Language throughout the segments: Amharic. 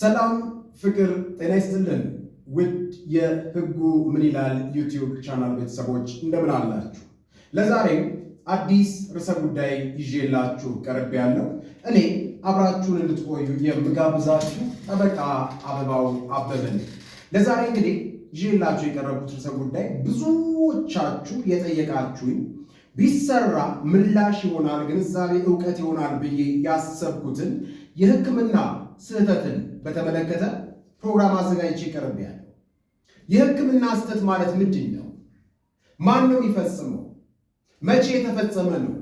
ሰላም ፍቅር ጤና ይስጥልን። ውድ የህጉ ምን ይላል ዩቲዩብ ቻናል ቤተሰቦች እንደምን አላችሁ? ለዛሬም አዲስ ርዕሰ ጉዳይ ይዤላችሁ ቀርብ ያለው እኔ አብራችሁን እንድትቆዩ የምጋብዛችሁ ጠበቃ አበባው አበበን። ለዛሬ እንግዲህ ይዤላችሁ የቀረቡት ርዕሰ ጉዳይ ብዙዎቻችሁ የጠየቃችሁኝ ቢሰራ ምላሽ ይሆናል፣ ግንዛቤ እውቀት ይሆናል ብዬ ያሰብኩትን የህክምና ስህተትን በተመለከተ ፕሮግራም አዘጋጅቼ ቀርብ ያለው የህክምና ስህተት ማለት ምንድን ነው? ማን ነው የሚፈጽመው? መቼ የተፈጸመ ነው?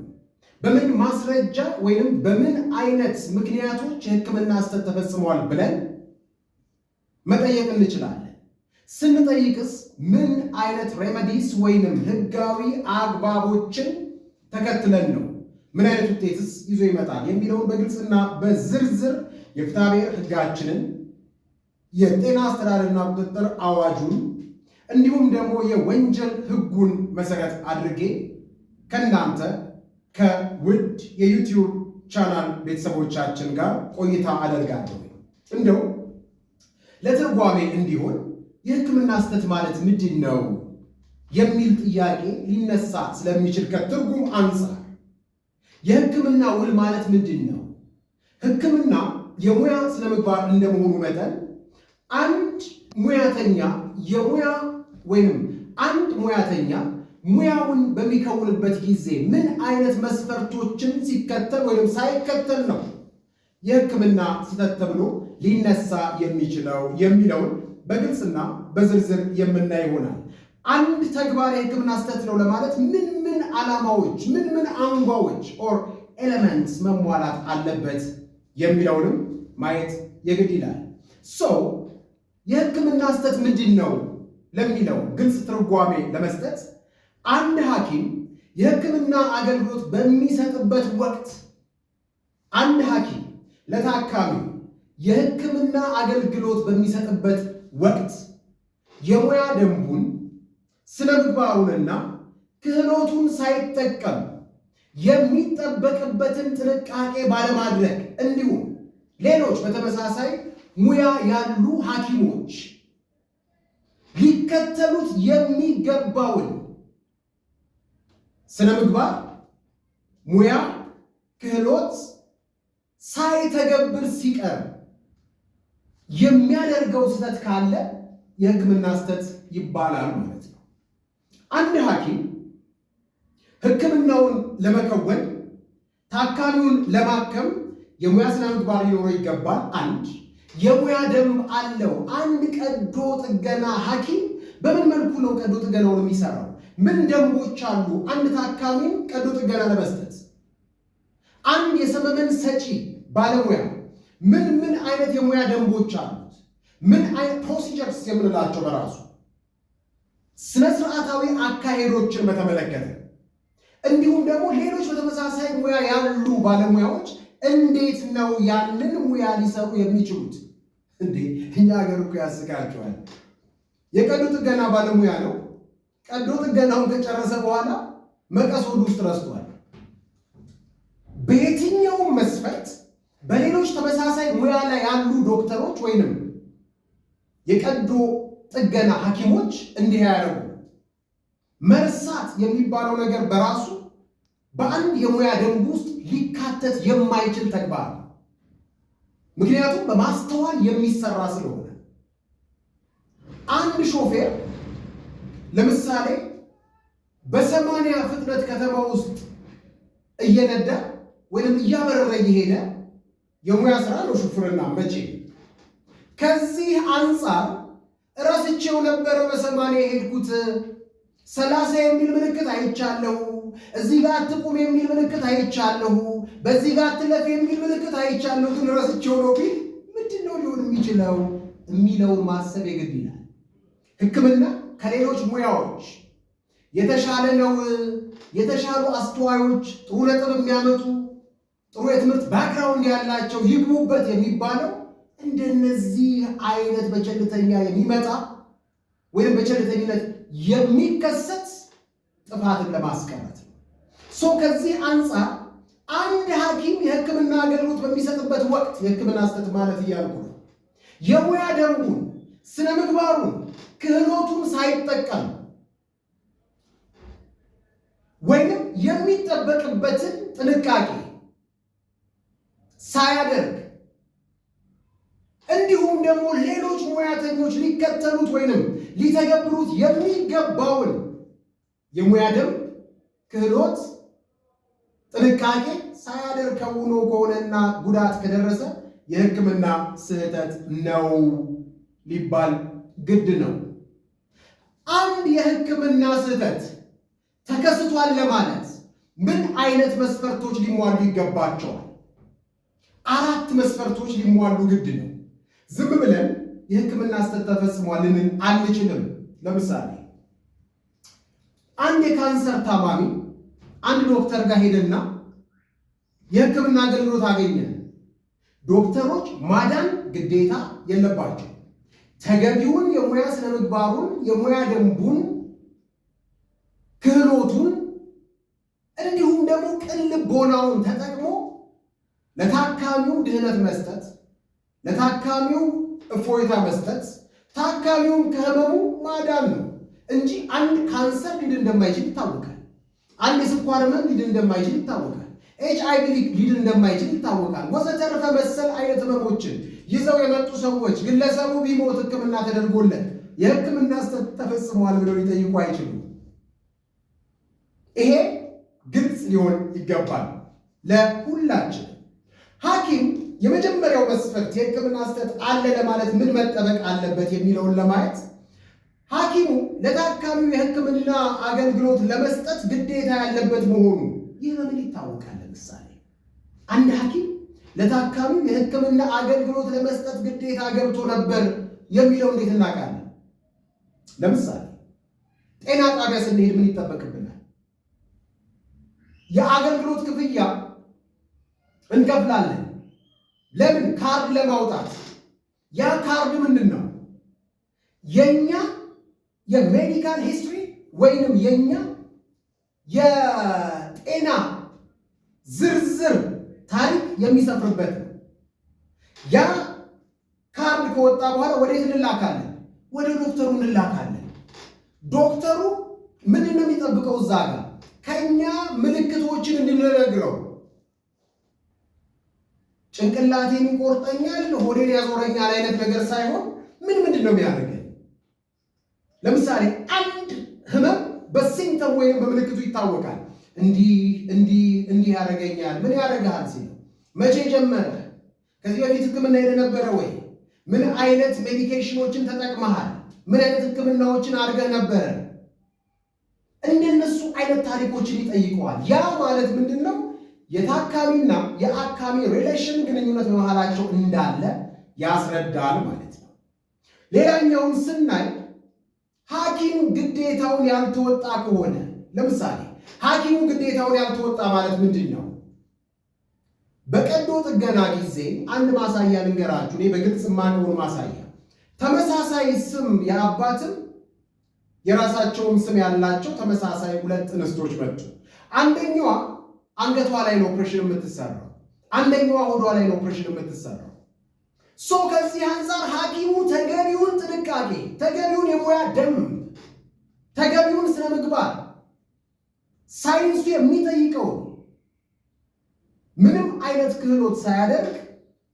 በምን ማስረጃ ወይም በምን አይነት ምክንያቶች የህክምና ስህተት ተፈጽመዋል ብለን መጠየቅ እንችላለን። ስንጠይቅስ ምን አይነት ሬመዲስ ወይንም ህጋዊ አግባቦችን ተከትለን ነው ምን አይነት ውጤትስ ይዞ ይመጣል የሚለውን በግልጽና በዝርዝር የፍትሐብሔር ህጋችንን የጤና አስተዳደርና ቁጥጥር አዋጁን እንዲሁም ደግሞ የወንጀል ህጉን መሰረት አድርጌ ከእናንተ ከውድ የዩቲዩብ ቻናል ቤተሰቦቻችን ጋር ቆይታ አደርጋለሁ። እንደው ለትርጓሜ እንዲሆን የህክምና ስህተት ማለት ምንድን ነው የሚል ጥያቄ ሊነሳ ስለሚችል ከትርጉም አንጻር የህክምና ውል ማለት ምንድን ነው? ህክምና የሙያ ስነምግባር እንደመሆኑ መጠን አንድ ሙያተኛ የሙያ ወይም አንድ ሙያተኛ ሙያውን በሚከውንበት ጊዜ ምን አይነት መስፈርቶችን ሲከተል ወይም ሳይከተል ነው የህክምና ስህተት ተብሎ ሊነሳ የሚችለው የሚለውን በግልጽና በዝርዝር የምናይ ይሆናል። አንድ ተግባር የህክምና ስህተት ነው ለማለት ምን ምን ዓላማዎች ምን ምን አንጓዎች ኦር ኤሌመንትስ መሟላት አለበት የሚለውንም ማየት የግድ ይላል። ሶ የህክምና ስህተት ምንድን ነው ለሚለው ግልጽ ትርጓሜ ለመስጠት አንድ ሐኪም የህክምና አገልግሎት በሚሰጥበት ወቅት አንድ ሐኪም ለታካሚው የህክምና አገልግሎት በሚሰጥበት ወቅት የሙያ ደንቡን ስነ ምግባሩንና ክህሎቱን ሳይጠቀም የሚጠበቅበትን ጥንቃቄ ባለማድረግ እንዲሁም ሌሎች በተመሳሳይ ሙያ ያሉ ሐኪሞች ሊከተሉት የሚገባውን ስነ ምግባር፣ ሙያ፣ ክህሎት ሳይተገብር ሲቀር የሚያደርገው ስህተት ካለ የሕክምና ስህተት ይባላል ማለት ነው። አንድ ሐኪም ሕክምናውን ለመከወን ታካሚውን ለማከም የሙያ ምግባር ሊኖረው ይገባል። አንድ የሙያ ደንብ አለው። አንድ ቀዶ ጥገና ሐኪም በምን መልኩ ነው ቀዶ ጥገናውን የሚሰራው? ምን ደንቦች አሉ? አንድ ታካሚን ቀዶ ጥገና ለመስጠት አንድ የሰመመን ሰጪ ባለሙያ ምን ምን አይነት የሙያ ደንቦች አሉት? ምን አይነት ፕሮሲጀርስ የምንላቸው በራሱ ስነ ስርዓታዊ አካሄዶችን በተመለከተ እንዲሁም ደግሞ ሌሎች በተመሳሳይ ሙያ ያሉ ባለሙያዎች እንዴት ነው ያንን ሙያ ሊሰሩ የሚችሉት? እንዴ እኛ ሀገር እኮ ያስቃቸዋል። የቀዶ ጥገና ባለሙያ ነው። ቀዶ ጥገናውን ከጨረሰ በኋላ መቀስ ውስጥ ረስቷል። በየትኛውም መስፈርት በሌሎች ተመሳሳይ ሙያ ላይ ያሉ ዶክተሮች ወይንም የቀዶ ጥገና ሐኪሞች እንዲህ ያደርጉ። መርሳት የሚባለው ነገር በራሱ በአንድ የሙያ ደንብ ውስጥ ሊካተት የማይችል ተግባር ነው። ምክንያቱም በማስተዋል የሚሰራ ስለሆነ አንድ ሾፌር ለምሳሌ በሰማንያ ፍጥነት ከተማ ውስጥ እየነዳ ወይም እያበረረ እየሄደ የሙያ ስራ ነው ሹፍርና መቼ ከዚህ አንጻር እረስቼው ነበረ በሰማንያ የሄድኩት። ሰላሳ የሚል ምልክት አይቻለሁ። እዚህ ጋር አትቁም የሚል ምልክት አይቻለሁ። በዚህ ጋር አትለፍ የሚል ምልክት አይቻለሁ። ግን እረስቼው ነው ቢል ምንድን ነው ሊሆን የሚችለው የሚለውን ማሰብ የግድ ይላል። ሕክምና ከሌሎች ሙያዎች የተሻለ ነው። የተሻሉ አስተዋዮች፣ ጥሩ ነጥብ የሚያመጡ ጥሩ የትምህርት ባክግራውንድ ያላቸው ይግቡበት የሚባለው እንደነዚህ አይነት በቸልተኛ የሚመጣ ወይም በቸልተኝነት የሚከሰት ጥፋትን ለማስቀረት ነው። ሶ ከዚህ አንጻር አንድ ሐኪም የሕክምና አገልግሎት በሚሰጥበት ወቅት የሕክምና ስህተት ማለት እያልኩ ነው የሙያ ደንቡን፣ ስነ ምግባሩን፣ ክህሎቱን ሳይጠቀም ወይም የሚጠበቅበትን ጥንቃቄ ሳያደርግ እንዲሁም ደግሞ ሌሎች ሙያተኞች ሊከተሉት ወይንም ሊተገብሩት የሚገባውን የሙያ ደንብ፣ ክህሎት፣ ጥንቃቄ ሳያደርግ ከውኖ ከሆነና ጉዳት ከደረሰ የሕክምና ስህተት ነው ሊባል ግድ ነው። አንድ የሕክምና ስህተት ተከስቷል ለማለት ምን አይነት መስፈርቶች ሊሟሉ ይገባቸዋል? አራት መስፈርቶች ሊሟሉ ግድ ነው። ዝም ብለን የህክምና ስህተት ተፈጽሟል አንችልም። ለምሳሌ አንድ የካንሰር ታማሚ አንድ ዶክተር ጋር ሄደና የህክምና አገልግሎት አገኘ። ዶክተሮች ማዳን ግዴታ የለባቸው። ተገቢውን የሙያ ስነምግባሩን፣ የሙያ ደንቡን፣ ክህሎቱን እንዲሁም ደግሞ ቅን ልቦናውን ተጠቅሞ ለታካሚው ድህነት መስጠት ለታካሚው እፎይታ መስጠት ታካሚውን ከህመሙ ማዳን ነው እንጂ አንድ ካንሰር ሊድ እንደማይችል ይታወቃል። አንድ የስኳር ህመም ሊድን እንደማይችል ይታወቃል። ኤች አይ ቪ እንደማይችል ይታወቃል። ወዘተረፈ መሰል አይነት ህመሞችን ይዘው የመጡ ሰዎች ግለሰቡ ቢሞት ህክምና ተደርጎለት የህክምና ስህተት ተፈጽመዋል ብለው ሊጠይቁ አይችሉም። ይሄ ግልጽ ሊሆን ይገባል ለሁላችን ሐኪም የመጀመሪያው መስፈርት የህክምና ስህተት አለ ለማለት ምን መጠበቅ አለበት የሚለውን ለማየት ሐኪሙ ለታካሚው የህክምና አገልግሎት ለመስጠት ግዴታ ያለበት መሆኑ ይህ በምን ይታወቃል? ለምሳሌ አንድ ሐኪም ለታካሚው የህክምና አገልግሎት ለመስጠት ግዴታ ገብቶ ነበር የሚለው እንዴት እናውቃለን? ለምሳሌ ጤና ጣቢያ ስንሄድ ምን ይጠበቅብናል? የአገልግሎት ክፍያ እንከፍላለን። ለምን ካርድ ለማውጣት ያ ካርድ ምንድን ነው? የኛ የሜዲካል ሂስትሪ ወይንም የኛ የጤና ዝርዝር ታሪክ የሚሰፍርበት ነው። ያ ካርድ ከወጣ በኋላ ወደ እንላካለን? ወደ ዶክተሩ እንላካለን። ዶክተሩ ምንድን ነው የሚጠብቀው? እዛ ጋር ከእኛ ምልክቶችን እንድንነግረው ጭንቅላቴን ይቆርጠኛል፣ ሆዴን ያዞረኛል አይነት ነገር ሳይሆን ምን ምንድን ነው የሚያደርገኝ? ለምሳሌ አንድ ህመም በሲምተም ወይም በምልክቱ ይታወቃል። እንዲህ እንዲህ እንዲህ ያደርገኛል። ምን ያደርግሃል ሲል መቼ ጀመረ? ከዚህ በፊት ህክምና የነበረ ወይ? ምን አይነት ሜዲኬሽኖችን ተጠቅመሃል? ምን አይነት ህክምናዎችን አድርገህ ነበረ? እንደነሱ አይነት ታሪኮችን ይጠይቀዋል። ያ ማለት ምንድን ነው? የታካሚና የአካሚ ሪሌሽን ግንኙነት በመሃላቸው እንዳለ ያስረዳል ማለት ነው። ሌላኛውን ስናይ ሐኪም ግዴታውን ያልተወጣ ከሆነ ለምሳሌ ሐኪሙ ግዴታውን ያልተወጣ ማለት ምንድን ነው? በቀዶ ጥገና ጊዜ አንድ ማሳያ ልንገራችሁ። እኔ በግልጽ የማውቀውን ማሳያ ተመሳሳይ ስም የአባትም የራሳቸውም ስም ያላቸው ተመሳሳይ ሁለት እንስቶች መጡ። አንደኛዋ አንገቷ ላይ ነው ኦፕሬሽን የምትሰራው። አንደኛዋ ሆዷ ላይ ነው ኦፕሬሽን የምትሰራው። ሶ ከዚህ አንፃር ሐኪሙ ተገቢውን ጥንቃቄ፣ ተገቢውን የሙያ ደም ተገቢውን ስነ ምግባር ሳይንሱ የሚጠይቀው ምንም አይነት ክህሎት ሳያደርግ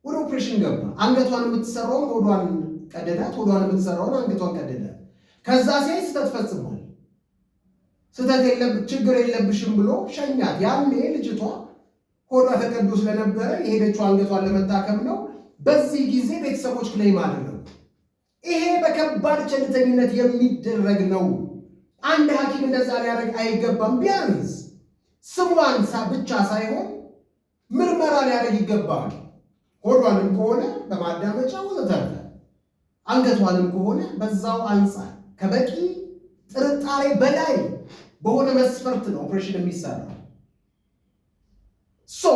ወደ ኦፕሬሽን ገባ። አንገቷን የምትሰራውን ሆዷን ቀደዳት፣ ሆዷን የምትሰራውን አንገቷን ቀደዳት። ከዛ ሴት ስተት ፈጽሟል። ስተት ችግር የለብሽም ብሎ ሸኛት። ያኔ ልጅቷ ሆዷ ተቀዶ ስለነበረ የሄደችው አንገቷን ለመታከም ነው። በዚህ ጊዜ ቤተሰቦች ክሌም አደረጉ። ይሄ በከባድ ቸልተኝነት የሚደረግ ነው። አንድ ሐኪም እንደዛ ሊያደርግ አይገባም። ቢያንስ ስሟን ብቻ ሳይሆን ምርመራ ሊያደርግ ይገባል። ሆዷንም ከሆነ በማዳመጫ ወዘተረፈ፣ አንገቷንም ከሆነ በዛው አንጻር ከበቂ ጥርጣሬ በላይ በሆነ መስፈርት ነው ኦፕሬሽን የሚሰራው። ሶ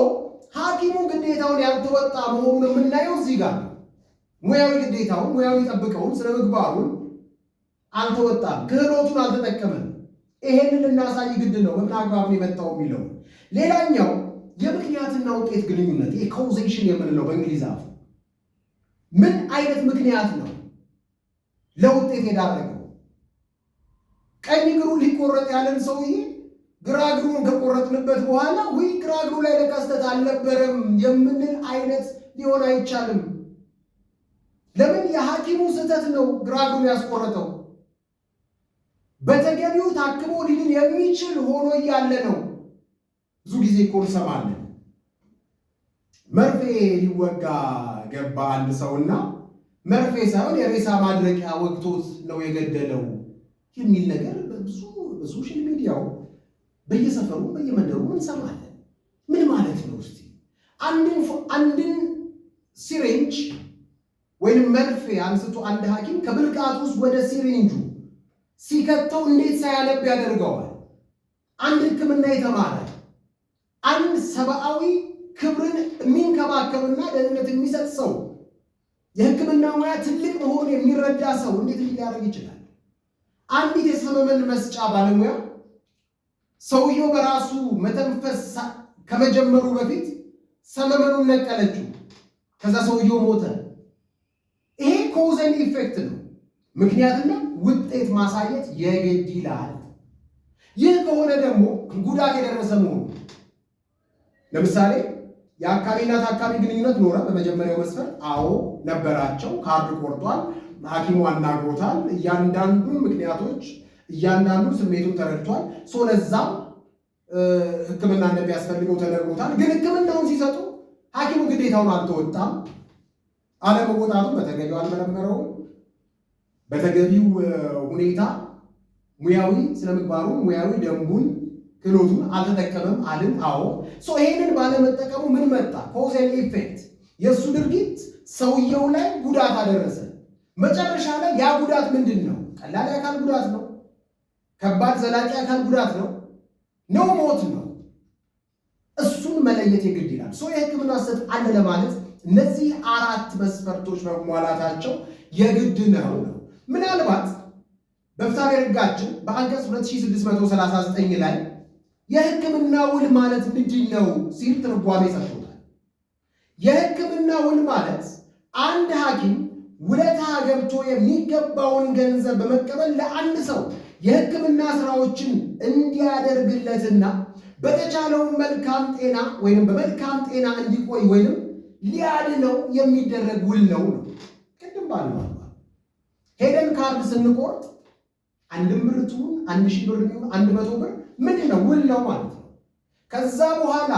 ሐኪሙ ግዴታውን ያልተወጣ መሆኑን የምናየው እዚህ ጋር ነው። ሙያዊ ግዴታውን ሙያዊ ጠብቀውን ስነ ምግባሩን አልተወጣም፣ ክህሎቱን አልተጠቀመም። ይሄንን እናሳይ ግድ ነው። በምን አግባብ የመጣው የሚለው ሌላኛው የምክንያትና ውጤት ግንኙነት ይሄ ኮዜሽን የምንለው በእንግሊዝ ምን አይነት ምክንያት ነው ለውጤት የዳረገው? ቀኝ እግሩ ሊቆረጥ ያለን ሰውዬ ግራ እግሩን ከቆረጥንበት በኋላ ወይ ግራ እግሩ ላይ ለከስተት አልነበረም የምንል አይነት ሊሆን አይቻልም። ለምን? የሐኪሙ ስህተት ነው ግራ እግሩን ያስቆረጠው። በተገቢው ታክሞ ሊድን የሚችል ሆኖ እያለ ነው። ብዙ ጊዜ እኮ እንሰማለን። መርፌ ሊወጋ ገባ አንድ ሰውና መርፌ ሳይሆን የሬሳ ማድረቂያ ወቅቶት ነው የገደለው የሚል ነገር በብዙ በሶሻል ሚዲያው በየሰፈሩ በየመንደሩ እንሰማለን። ምን ማለት ነው? እስቲ አንድን ሲሬንጅ ወይም መርፌ አንስቶ አንድ ሐኪም ከብልቃት ውስጥ ወደ ሲሬንጁ ሲከተው እንዴት ሳያለብ ያደርገዋል? አንድ ሕክምና የተማረ አንድ ሰብአዊ ክብርን የሚንከባከብና ደህንነት የሚሰጥ ሰው የሕክምና ሙያ ትልቅ መሆኑን የሚረዳ ሰው እንዴት ሊያደርግ ይችላል? አንዲት የሰመመን መስጫ ባለሙያ ሰውየው በራሱ መተንፈስ ከመጀመሩ በፊት ሰመመኑን ነቀለችው። ከዛ ሰውየው ሞተ። ይሄ ኮዘን ኢፌክት ነው፣ ምክንያትና ውጤት ማሳየት የግድ ይላል። ይህ ከሆነ ደግሞ ጉዳት የደረሰ መሆኑ ለምሳሌ የአካባቢና ታካሚ ግንኙነት ኖረ። በመጀመሪያው መስፈር አዎ ነበራቸው፣ ካርድ ቆርጧል ሐኪሙ አናግሮታል። እያንዳንዱን ምክንያቶች እያንዳንዱን ስሜቱን ተረድቷል። ሰው ለዛም ሕክምና እንደሚያስፈልገው ተደርጎታል። ግን ሕክምናውን ሲሰጡ ሐኪሙ ግዴታውን አልተወጣም። አለመወጣቱን በተገቢው አልመረመረውም። በተገቢው ሁኔታ ሙያዊ ስለምግባሩ ሙያዊ ደንቡን ክህሎቱን አልተጠቀመም አልን። አዎ ሶ ይሄንን ባለመጠቀሙ ምን መጣ? ኮዝ ኤንድ ኢፌክት የእሱ ድርጊት ሰውየው ላይ ጉዳት አደረሰ። መጨረሻ ላይ ያ ጉዳት ምንድን ነው? ቀላል የአካል ጉዳት ነው? ከባድ ዘላቂ አካል ጉዳት ነው ነው ሞት ነው? እሱን መለየት የግድ ይላል። ሰው የህክምና ስህተት አለ ለማለት እነዚህ አራት መስፈርቶች መሟላታቸው የግድ ነው ነው ምናልባት በፍትሐብሔር ህጋችን በአንቀጽ 2639 ላይ የህክምና ውል ማለት ምንድን ነው ሲል ትርጓሜ ሰጥቶታል። የህክምና ውል ማለት አንድ ሐኪም ገብቶ የሚገባውን ገንዘብ በመቀበል ለአንድ ሰው የሕክምና ስራዎችን እንዲያደርግለትና በተቻለው መልካም ጤና ወይም በመልካም ጤና እንዲቆይ ወይም ሊያድነው የሚደረግ ውል ነው ነው። ቅድም ባለ ሄደን ካርድ ስንቆርጥ አንድ ብር አንድ ሺህ ብር አንድ መቶ ብር ምንድን ነው ውል ነው ማለት ነው። ከዛ በኋላ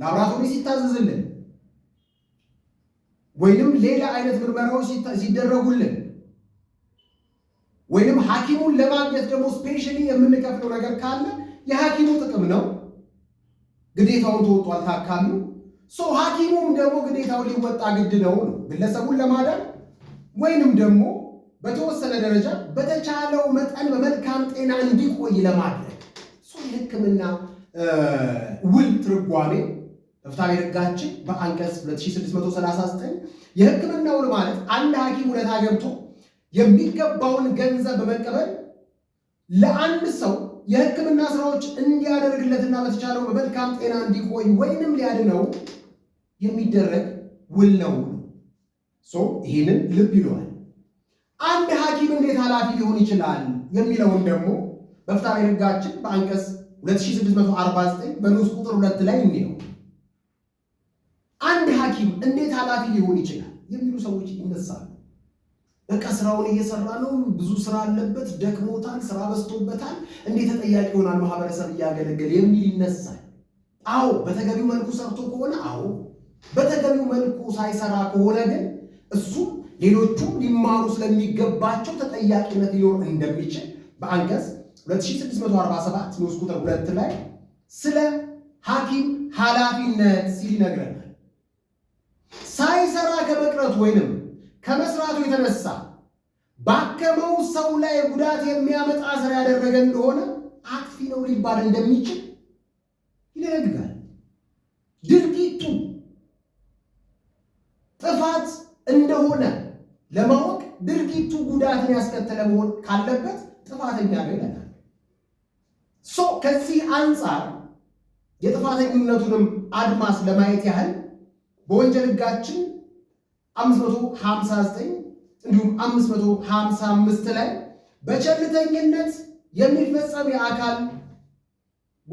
ላብራቶሪ ሲታዘዝልን ወይንም ሌላ አይነት ምርመራዎች ሲደረጉልን ወይንም ሐኪሙን ለማግኘት ደግሞ ስፔሻሊ የምንከፍለው ነገር ካለ የሐኪሙ ጥቅም ነው። ግዴታውን ተወጧል ታካሚው። ሰው ሐኪሙም ደግሞ ግዴታውን ሊወጣ ግድ ነው ነው ግለሰቡን ለማዳን ወይንም ደግሞ በተወሰነ ደረጃ በተቻለው መጠን በመልካም ጤና እንዲቆይ ለማድረግ ህክምና የሕክምና ውል ትርጓሜ ፍትሐብሔር ሕጋችን በአንቀጽ 2639 የሕክምና ውል ማለት አንድ ሐኪም ውለታ ገብቶ የሚገባውን ገንዘብ በመቀበል ለአንድ ሰው የሕክምና ስራዎች እንዲያደርግለትና በተቻለው በመልካም ጤና እንዲቆይ ወይንም ሊያድነው የሚደረግ ውል ነው። ይህንን ልብ ይለዋል። አንድ ሐኪም እንዴት ኃላፊ ሊሆን ይችላል የሚለውን ደግሞ በፍትሐብሔር ሕጋችን በአንቀጽ 2649 በንዑስ ቁጥር ሁለት ላይ እንየው። አንድ ሐኪም እንዴት ኃላፊ ሊሆን ይችላል የሚሉ ሰዎች ይነሳሉ። በቃ ስራውን እየሰራ ነው፣ ብዙ ስራ አለበት፣ ደክሞታል፣ ስራ በዝቶበታል፣ እንዴት ተጠያቂ ይሆናል ማህበረሰብ እያገለገለ የሚል ይነሳል። አዎ በተገቢው መልኩ ሰርቶ ከሆነ አዎ፣ በተገቢው መልኩ ሳይሰራ ከሆነ ግን እሱም ሌሎቹ ሊማሩ ስለሚገባቸው ተጠያቂነት ሊኖር እንደሚችል በአንቀጽ 2647 ንዑስ ቁጥር ሁለት ላይ ስለ ሐኪም ኃላፊነት ሲል ይነግረናል። ሳይሰራ ከመቅረቱ ወይንም ከመስራቱ የተነሳ ባከመው ሰው ላይ ጉዳት የሚያመጣ ስራ ያደረገ እንደሆነ አጥፊ ነው ሊባል እንደሚችል ይደነግጋል። ድርጊቱ ጥፋት እንደሆነ ለማወቅ ድርጊቱ ጉዳትን ያስከተለ መሆን ካለበት ጥፋተኛ ነው ይለናል። ሶ ከዚህ አንጻር የጥፋተኝነቱንም አድማስ ለማየት ያህል በወንጀል ሕጋችን 559 እንዲሁም 555 ላይ በቸልተኝነት የሚፈጸም የአካል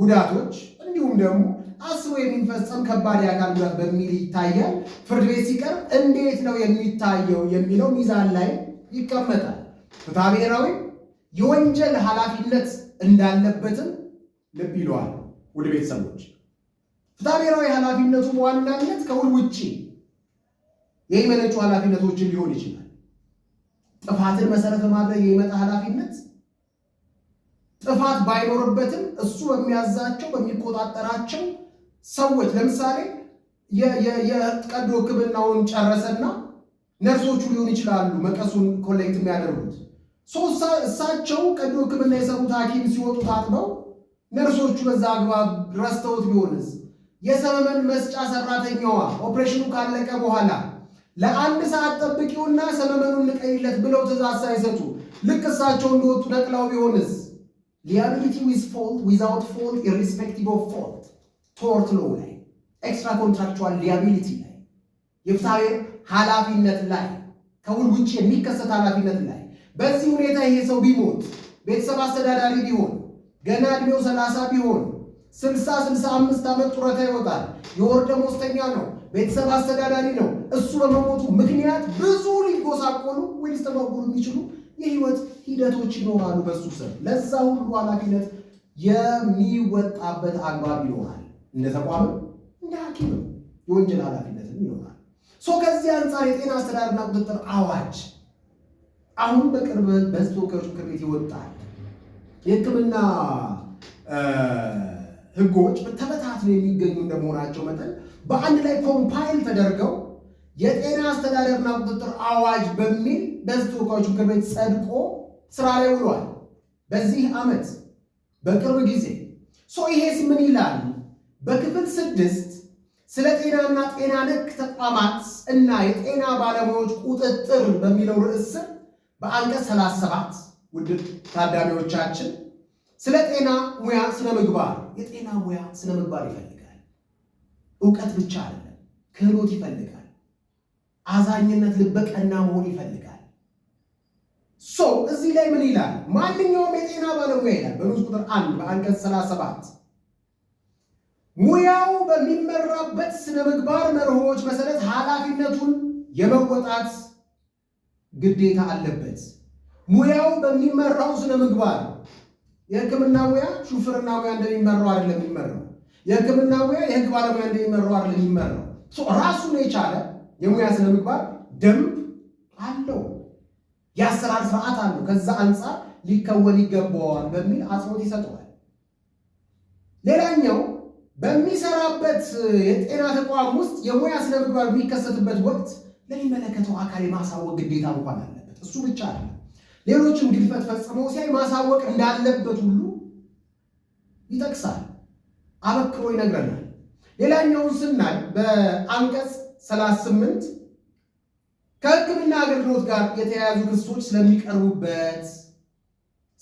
ጉዳቶች እንዲሁም ደግሞ አስቦ የሚፈጸም ከባድ የአካል ጉዳት በሚል ይታያል። ፍርድ ቤት ሲቀርብ እንዴት ነው የሚታየው የሚለው ሚዛን ላይ ይቀመጣል። ፍትሐ ብሔራዊ የወንጀል ኃላፊነት እንዳለበትም ልብ ይለዋል። ውድ ቤተሰቦች ፍትሐብሔራዊ ኃላፊነቱ በዋናነት ከውል ውጭ የሚመነጩ ኃላፊነቶችን ሊሆን ይችላል። ጥፋትን መሰረት በማድረግ የሚመጣ ኃላፊነት ጥፋት ባይኖርበትም እሱ በሚያዛቸው በሚቆጣጠራቸው ሰዎች ለምሳሌ የቀዶ ሕክምናውን ጨረሰና ነርሶቹ ሊሆን ይችላሉ መቀሱን ኮሌክት የሚያደርጉት እሳቸው ቀዶ ሕክምና የሰሩት ሐኪም ሲወጡ ታጥበው ነርሶቹ በዛ አግባብ ረስተውት ቢሆንስ የሰመመን መስጫ ሰራተኛዋ ኦፕሬሽኑ ካለቀ በኋላ ለአንድ ሰዓት ጠብቂውና ሰመመኑን ልቀይለት ብለው ትእዛዝ ሳይሰጡ ልክ እሳቸው እንደወጡ ነቅላው ቢሆንስ? ሊያቢሊቲ ዊዝ ፎልት ዊዛውት ፎልት ኢሪስፔክቲቭ ኦፍ ፎልት ቶርት ሎው ላይ ኤክስትራ ኮንትራክቹዋል ሊያቢሊቲ ላይ የፍትሐዊ ኃላፊነት ላይ ከውል ውጭ የሚከሰት ኃላፊነት ላይ በዚህ ሁኔታ ይሄ ሰው ቢሞት ቤተሰብ አስተዳዳሪ ቢሆን ገና እድሜው ሰላሳ ቢሆን ስልሳ ስልሳ አምስት ዓመት ጡረታ ይወጣል። የወር ደመወዝተኛ ነው። ቤተሰብ አስተዳዳሪ ነው። እሱ በመሞቱ ምክንያት ብዙ ሊጎሳቆሉ ወይ ሊስተጓጎሉ የሚችሉ የህይወት ሂደቶች ይኖራሉ በሱ ስር። ለዛ ሁሉ ኃላፊነት የሚወጣበት አግባብ ይኖራል። እንደ ተቋምም እንደ ሐኪምም የወንጀል ኃላፊነትም ይኖራል። ሶ ከዚህ አንጻር የጤና አስተዳደርና ቁጥጥር አዋጅ አሁን በቅርብ በህዝብ ተወካዮች ምክር ቤት ይወጣል። የህክምና ህጎች ተበታትነው የሚገኙ እንደመሆናቸው መጠን በአንድ ላይ ኮምፓይል ተደርገው የጤና አስተዳደርና ቁጥጥር አዋጅ በሚል በህዝብ ተወካዮች ምክር ቤት ጸድቆ ስራ ላይ ውሏል። በዚህ ዓመት በቅርብ ጊዜ ሶ ይሄስ ምን ይላል? በክፍል ስድስት ስለ ጤናና ጤና ነክ ተቋማት እና የጤና ባለሙያዎች ቁጥጥር በሚለው ርዕስ ስር በአንቀጽ 37 ውድ ታዳሚዎቻችን ስለ ጤና ሙያ ስነ ምግባር የጤና ሙያ ስነ ምግባር ይፈልጋል። እውቀት ብቻ አይደለም፣ ክህሎት ይፈልጋል። አዛኝነት፣ ልበቀና መሆን ይፈልጋል። ሶ እዚህ ላይ ምን ይላል? ማንኛውም የጤና ባለሙያ ይላል በንዑስ ቁጥር አንድ በአንቀጽ ሰባት ሙያው በሚመራበት ስነ ምግባር መርሆች መሰረት ኃላፊነቱን የመወጣት ግዴታ አለበት። ሙያው በሚመራው ስነ ምግባር የህክምና ሙያ ሹፍርና ሙያ እንደሚመራው አይደለም የሚመራው። የህክምና ሙያ የህግ ባለሙያ እንደሚመራው አይደለም የሚመራው። ራሱን የቻለ የሙያ ስነ ምግባር ደንብ አለው፣ የአሰራር ስርዓት አለው። ከዛ አንጻር ሊከወን ይገባዋል በሚል አጽንኦት ይሰጠዋል። ሌላኛው በሚሰራበት የጤና ተቋም ውስጥ የሙያ ስነ ምግባር የሚከሰትበት ወቅት ለሚመለከተው አካል የማሳወቅ ግዴታ እንኳን አለበት። እሱ ብቻ አለ ሌሎችም ግድፈት ፈጽመው ሲያይ ማሳወቅ እንዳለበት ሁሉ ይጠቅሳል፣ አበክሮ ይነግረናል። ሌላኛውን ስናይ በአንቀጽ 38 ከሕክምና አገልግሎት ጋር የተያያዙ ክሶች ስለሚቀርቡበት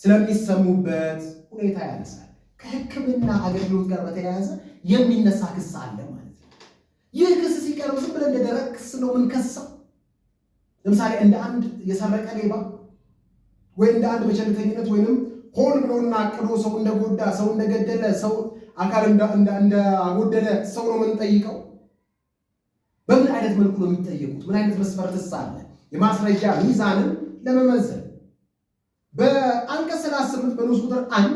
ስለሚሰሙበት ሁኔታ ያነሳል። ከሕክምና አገልግሎት ጋር በተያያዘ የሚነሳ ክስ አለ ማለት ነው። ይህ ክስ ሲቀርብ ዝም ብለን ክስ ነው የምንከሳው። ለምሳሌ እንደ አንድ የሰረቀ ሌባ ወይ እንደ አንድ በቸልተኝነት ወይንም ሆን ብሎና አቅዶ ሰው እንደጎዳ ሰው እንደገደለ ሰው አካል እንዳጎደለ ሰው ነው የምንጠይቀው። በምን አይነት መልኩ ነው የሚጠየቁት? ምን አይነት መስፈርትስ አለ? የማስረጃ ሚዛንን ለመመዘን በአንቀጽ ሰላሳ በንዑስ ቁጥር አንድ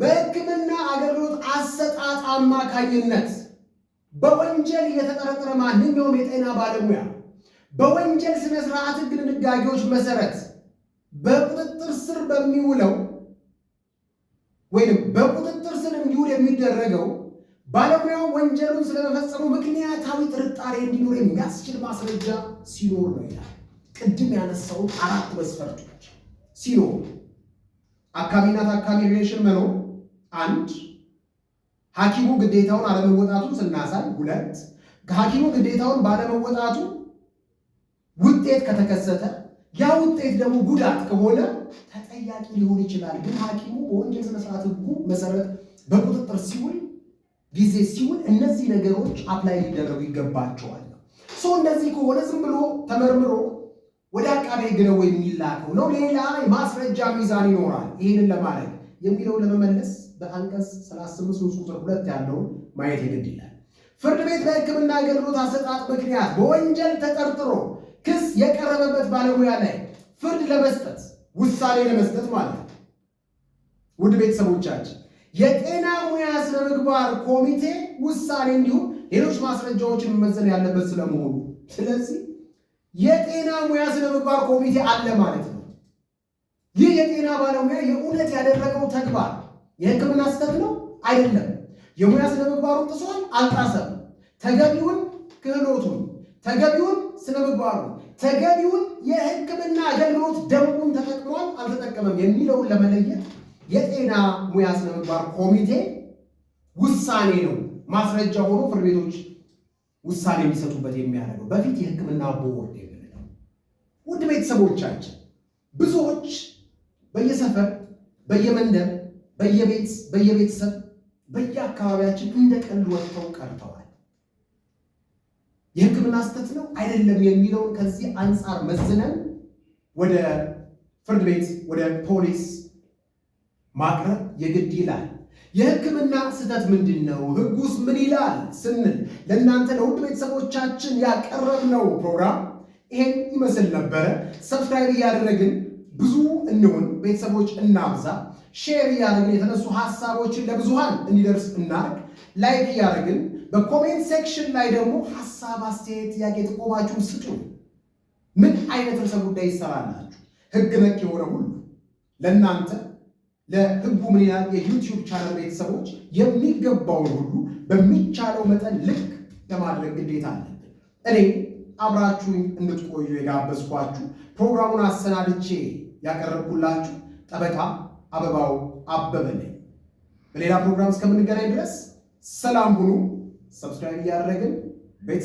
በሕክምና አገልግሎት አሰጣጥ አማካኝነት በወንጀል የተጠረጠረ ማንኛውም የጤና ባለሙያ በወንጀል ስነ ስርዓት ሕግ ድንጋጌዎች መሰረት በቁጥጥር ስር በሚውለው ወይም በቁጥጥር ስር እንዲውል የሚደረገው ባለሙያው ወንጀሉን ስለመፈጸሙ ምክንያታዊ ጥርጣሬ እንዲኖር የሚያስችል ማስረጃ ሲኖር ነው ይላል። ቅድም ያነሳውን አራት መስፈርቶች ሲኖር አካባቢና ታካሚ ሪሌሽን መኖር አንድ፣ ሐኪሙ ግዴታውን አለመወጣቱን ስናሳይ ሁለት፣ ከሐኪሙ ግዴታውን ባለመወጣቱ ውጤት ከተከሰተ ያ ውጤት ደግሞ ጉዳት ከሆነ ተጠያቂ ሊሆን ይችላል። ግን ሐኪሙ በወንጀል ስነስርዓት ህጉ መሰረት በቁጥጥር ሲውል ጊዜ ሲውል እነዚህ ነገሮች አፕላይ ሊደረጉ ይገባቸዋል። ሰው እንደዚህ ከሆነ ዝም ብሎ ተመርምሮ ወደ አቃቤ ህግ ነው የሚላከው ነው። ሌላ የማስረጃ ሚዛን ይኖራል። ይህንን ለማድረግ የሚለው ለመመለስ በአንቀጽ 35 ቁጥር ሁለት ያለውን ማየት ይገድላል። ፍርድ ቤት ለህክምና አገልግሎት አሰጣጥ ምክንያት በወንጀል ተጠርጥሮ ክስ የቀረበበት ባለሙያ ላይ ፍርድ ለመስጠት ውሳኔ ለመስጠት ማለት ነው። ውድ ቤተሰቦቻችን የጤና ሙያ ስነ ምግባር ኮሚቴ ውሳኔ እንዲሁም ሌሎች ማስረጃዎችን መመዘን ያለበት ስለመሆኑ፣ ስለዚህ የጤና ሙያ ስነ ምግባር ኮሚቴ አለ ማለት ነው። ይህ የጤና ባለሙያ የእውነት ያደረገው ተግባር የሕክምና ስህተት ነው አይደለም፣ የሙያ ስነ ምግባሩን ጥሷል አልጣሰም፣ ተገቢውን ክህሎቱን ተገቢውን ስነ ምግባሩ ተገቢውን የሕክምና አገልግሎት ደንቡን ተጠቅሟል አልተጠቀመም የሚለውን ለመለየት የጤና ሙያ ስነ ምግባር ኮሚቴ ውሳኔ ነው ማስረጃ ሆኖ ፍርድ ቤቶች ውሳኔ የሚሰጡበት የሚያደርገው። በፊት የሕክምና ቦርድ የምንለው ውድ ቤተሰቦቻችን ብዙዎች በየሰፈር በየመንደር በየቤት በየቤተሰብ በየአካባቢያችን እንደ ቀልድ ወጥተው ቀርተዋል። የሕክምና ስተት ነው አይደለም የሚለውን ከዚህ አንጻር መዝነን ወደ ፍርድ ቤት ወደ ፖሊስ ማቅረብ የግድ ይላል። የሕክምና ስተት ምንድን ነው? ሕጉስ ምን ይላል ስንል ለእናንተ ለውድ ቤተሰቦቻችን ያቀረብነው ፕሮግራም ይሄን ይመስል ነበረ። ሰብስክራይብ እያደረግን ብዙ እንሁን፣ ቤተሰቦች እናብዛ። ሼር እያደረግን የተነሱ ሀሳቦችን ለብዙሃን እንዲደርስ እናርግ። ላይክ እያደረግን በኮሜንት ሴክሽን ላይ ደግሞ ሀሳብ፣ አስተያየት፣ ጥያቄ ጥቆማችሁን ስጡ። ምን አይነት ርዕሰ ጉዳይ ይሰራላችሁ? ህግ ነክ የሆነ ሁሉ ለእናንተ ለህጉ ምን ይላል የዩቲዩብ ቻናል ቤተሰቦች የሚገባውን ሁሉ በሚቻለው መጠን ልክ ለማድረግ ግዴታ አለብን። እኔ አብራችሁኝ እንድትቆዩ የጋበዝኳችሁ ፕሮግራሙን አሰናድቼ ያቀረብኩላችሁ ጠበቃ አበባው አበበ ነኝ። በሌላ ፕሮግራም እስከምንገናኝ ድረስ ሰላም ሁኑ። ሰብስክራይብ እያደረግን ቤተሰብ